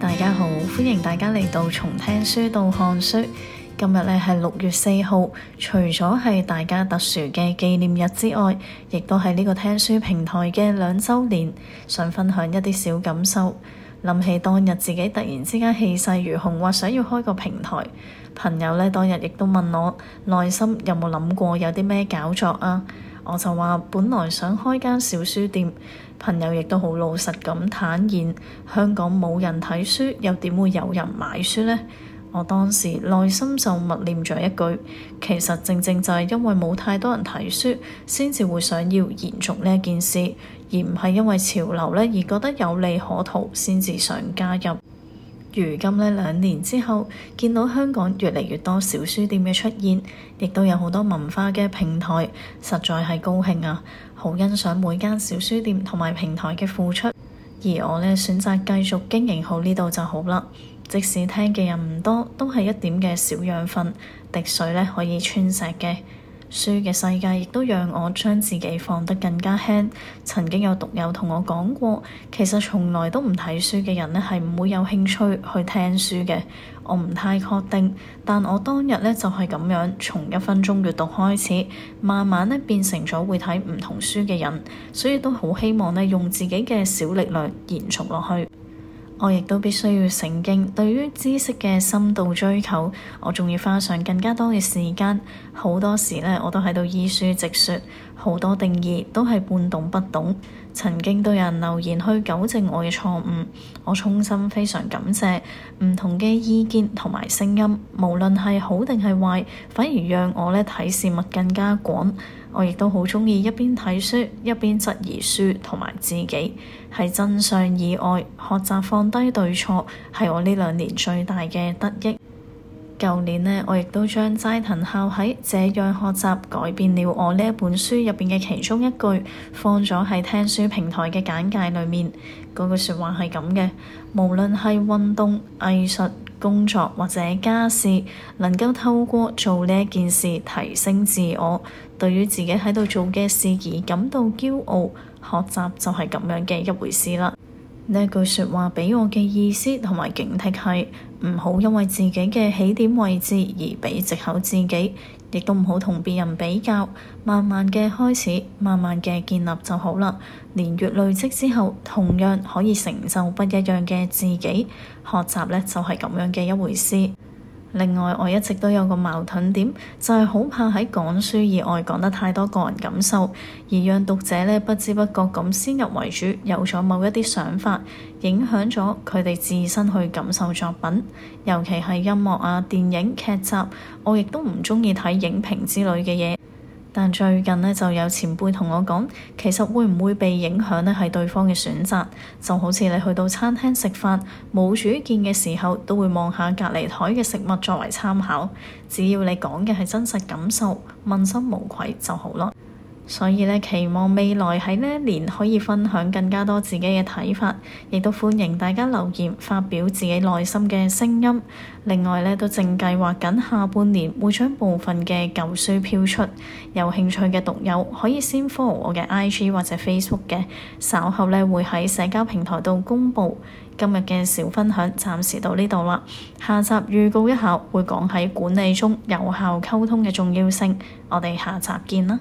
大家好，歡迎大家嚟到從聽書到看書。今日呢係六月四號，除咗係大家特殊嘅紀念日之外，亦都係呢個聽書平台嘅兩周年。想分享一啲小感受，諗起當日自己突然之間氣勢如虹，話想要開個平台。朋友呢當日亦都問我，內心有冇諗過有啲咩攪作啊？我就話，本來想開間小書店，朋友亦都好老實咁坦言，「香港冇人睇書，又點會有人買書呢？」我當時內心就默念咗一句，其實正正就係因為冇太多人睇書，先至會想要延續呢件事，而唔係因為潮流呢，而覺得有利可圖先至想加入。如今呢，兩年之後，見到香港越嚟越多小書店嘅出現，亦都有好多文化嘅平台，實在係高興啊！好欣賞每間小書店同埋平台嘅付出，而我呢，選擇繼續經營好呢度就好啦。即使聽嘅人唔多，都係一點嘅小養分，滴水呢可以穿石嘅。書嘅世界亦都讓我將自己放得更加輕。曾經有讀友同我講過，其實從來都唔睇書嘅人呢，係唔會有興趣去聽書嘅。我唔太確定，但我當日呢就係咁樣，從一分鐘閲讀開始，慢慢呢變成咗會睇唔同書嘅人，所以都好希望呢，用自己嘅小力量延續落去。我亦都必須要承認對於知識嘅深度追求，我仲要花上更加多嘅時間。好多時呢，我都喺度依書直説，好多定義都係半懂不懂。曾經都有人留言去糾正我嘅錯誤，我衷心非常感謝唔同嘅意見同埋聲音，無論係好定係壞，反而讓我呢睇事物更加廣。我亦都好鍾意一邊睇書一邊質疑書同埋自己，係真相以外學習放低對錯，係我呢兩年最大嘅得益。舊年呢，我亦都將齋藤孝喺這樣學習改變了我呢一本書入邊嘅其中一句，放咗喺聽書平台嘅簡介裏面。嗰句説話係咁嘅，無論係運動、藝術、工作或者家事，能夠透過做呢件事提升自我，對於自己喺度做嘅事而感到驕傲，學習就係咁樣嘅一回事啦。呢句說話畀我嘅意思同埋警惕係。唔好因為自己嘅起點位置而俾藉口自己，亦都唔好同別人比較，慢慢嘅開始，慢慢嘅建立就好啦。年月累積之後，同樣可以成就不一樣嘅自己。學習呢，就係咁樣嘅一回事。另外，我一直都有個矛盾點，就係、是、好怕喺講書以外講得太多個人感受，而讓讀者咧不知不覺咁先入為主，有咗某一啲想法，影響咗佢哋自身去感受作品。尤其係音樂啊、電影劇集，我亦都唔鍾意睇影評之類嘅嘢。但最近呢就有前輩同我講，其實會唔會被影響呢，係對方嘅選擇，就好似你去到餐廳食飯，冇主見嘅時候，都會望下隔離台嘅食物作為參考。只要你講嘅係真實感受，問心無愧就好啦。所以呢，期望未來喺呢一年可以分享更加多自己嘅睇法，亦都歡迎大家留言發表自己內心嘅聲音。另外呢，都正計劃緊下半年會將部分嘅舊書飄出，有興趣嘅讀友可以先 follow 我嘅 IG 或者 Facebook 嘅，稍後呢，會喺社交平台度公布今日嘅小分享。暫時到呢度啦，下集預告一下，會講喺管理中有效溝通嘅重要性。我哋下集見啦！